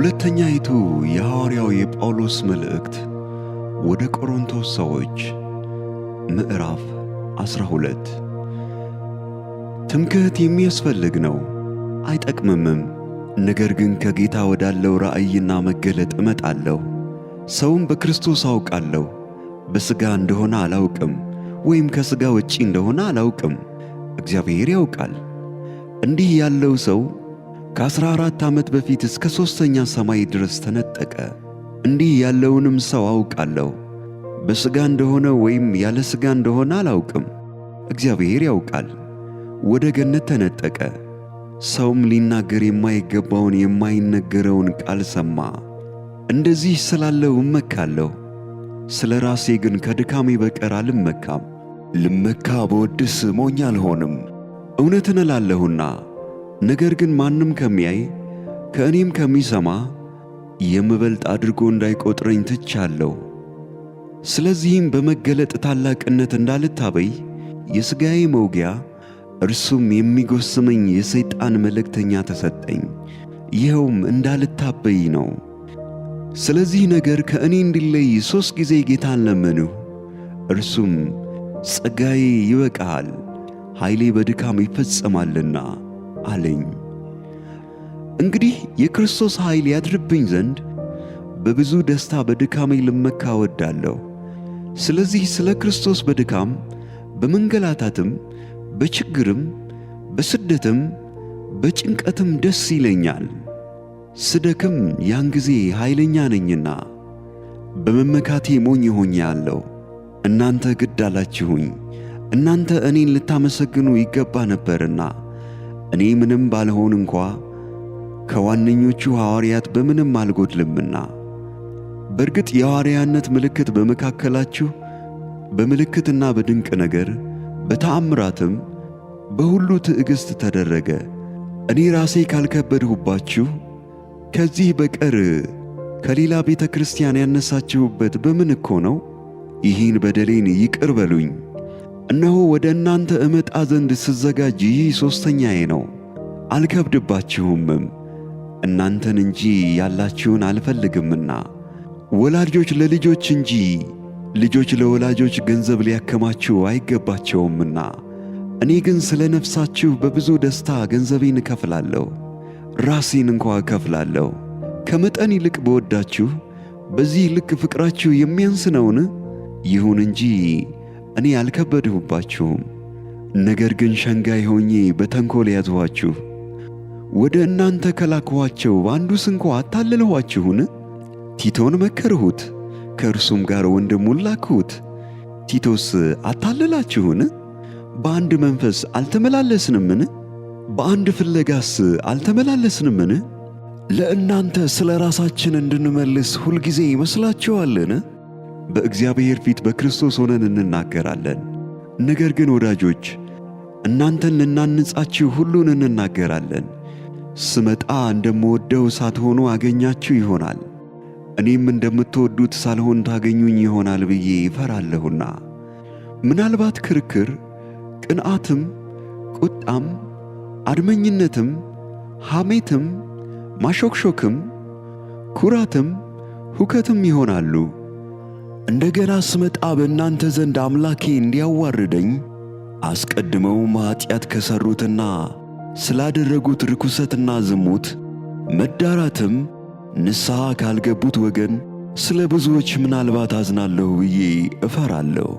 ሁለተኛይቱ የሐዋርያው የጳውሎስ መልእክት ወደ ቆሮንቶስ ሰዎች ምዕራፍ 12 ትምክህት የሚያስፈልግ ነው፣ አይጠቅምምም። ነገር ግን ከጌታ ወዳለው ራእይና መገለጥ እመጣለሁ። ሰውም በክርስቶስ አውቃለሁ። በሥጋ እንደሆነ አላውቅም፣ ወይም ከሥጋ ውጪ እንደሆነ አላውቅም፣ እግዚአብሔር ያውቃል። እንዲህ ያለው ሰው ከ14 ዓመት በፊት እስከ ሦስተኛ ሰማይ ድረስ ተነጠቀ። እንዲህ ያለውንም ሰው አውቃለሁ። በሥጋ እንደሆነ ወይም ያለ ሥጋ እንደሆነ አላውቅም፣ እግዚአብሔር ያውቃል። ወደ ገነት ተነጠቀ። ሰውም ሊናገር የማይገባውን የማይነገረውን ቃል ሰማ። እንደዚህ ስላለው እመካለሁ፣ ስለ ራሴ ግን ከድካሜ በቀር አልመካም። ልመካ በወድስ ሞኝ አልሆንም፣ እውነትን እላለሁና ነገር ግን ማንም ከሚያይ ከእኔም ከሚሰማ የምበልጥ አድርጎ እንዳይቆጥረኝ ትቻለሁ። ስለዚህም በመገለጥ ታላቅነት እንዳልታበይ የሥጋዬ መውጊያ እርሱም የሚጎስመኝ የሰይጣን መልእክተኛ ተሰጠኝ፤ ይኸውም እንዳልታበይ ነው። ስለዚህ ነገር ከእኔ እንዲለይ ሦስት ጊዜ ጌታን ለመንሁ። እርሱም ጸጋዬ ይበቃሃል፣ ኃይሌ በድካም ይፈጸማልና አለኝ። እንግዲህ የክርስቶስ ኃይል ያድርብኝ ዘንድ በብዙ ደስታ በድካሜ ልመካ እወዳለሁ። ስለዚህ ስለ ክርስቶስ በድካም በመንገላታትም በችግርም በስደትም በጭንቀትም ደስ ይለኛል። ስደክም ያን ጊዜ ኃይለኛ ነኝና በመመካቴ ሞኝ ሆኜ እናንተ ግድ አላችሁኝ። እናንተ እኔን ልታመሰግኑ ይገባ ነበርና እኔ ምንም ባልሆን እንኳ ከዋነኞቹ ሐዋርያት በምንም አልጎድልምና። በእርግጥ የሐዋርያነት ምልክት በመካከላችሁ በምልክትና በድንቅ ነገር በተአምራትም በሁሉ ትዕግሥት ተደረገ። እኔ ራሴ ካልከበድሁባችሁ ከዚህ በቀር ከሌላ ቤተ ክርስቲያን ያነሳችሁበት በምን እኮ ነው? ይህን በደሌን ይቅር በሉኝ። እነሆ ወደ እናንተ እመጣ ዘንድ ስዘጋጅ ይህ ሦስተኛዬ ነው። አልከብድባችሁምም እናንተን እንጂ ያላችሁን አልፈልግምና። ወላጆች ለልጆች እንጂ ልጆች ለወላጆች ገንዘብ ሊያከማችሁ አይገባቸውምና። እኔ ግን ስለ ነፍሳችሁ በብዙ ደስታ ገንዘቤን እከፍላለሁ፣ ራሴን እንኳ እከፍላለሁ። ከመጠን ይልቅ በወዳችሁ በዚህ ልክ ፍቅራችሁ የሚያንስ ነውን? ይሁን እንጂ እኔ አልከበድሁባችሁም። ነገር ግን ሸንጋይ ሆኜ በተንኮል ያዝኋችሁ። ወደ እናንተ ከላክኋቸው በአንዱ ስንኳ አታለልኋችሁን? ቲቶን መከርሁት፣ ከእርሱም ጋር ወንድሙን ላክሁት። ቲቶስ አታለላችሁን? በአንድ መንፈስ አልተመላለስንምን? በአንድ ፍለጋስ አልተመላለስንምን? ለእናንተ ስለ ራሳችን እንድንመልስ ሁልጊዜ ይመስላችኋልን? በእግዚአብሔር ፊት በክርስቶስ ሆነን እንናገራለን። ነገር ግን ወዳጆች እናንተን ልናንጻችሁ ሁሉን እንናገራለን። ስመጣ እንደምወደው ሳትሆኑ አገኛችሁ ይሆናል፣ እኔም እንደምትወዱት ሳልሆን ታገኙኝ ይሆናል ብዬ ይፈራለሁና። ምናልባት ክርክር፣ ቅንዓትም፣ ቁጣም፣ አድመኝነትም፣ ሐሜትም፣ ማሾክሾክም፣ ኩራትም፣ ሁከትም ይሆናሉ። እንደገና ስመጣ በእናንተ ዘንድ አምላኬ እንዲያዋርደኝ አስቀድመውም ኀጢአት ከሠሩትና ስላደረጉት ርኩሰትና ዝሙት መዳራትም ንስሐ ካልገቡት ወገን ስለ ብዙዎች ምናልባት አዝናለሁ ብዬ እፈራለሁ።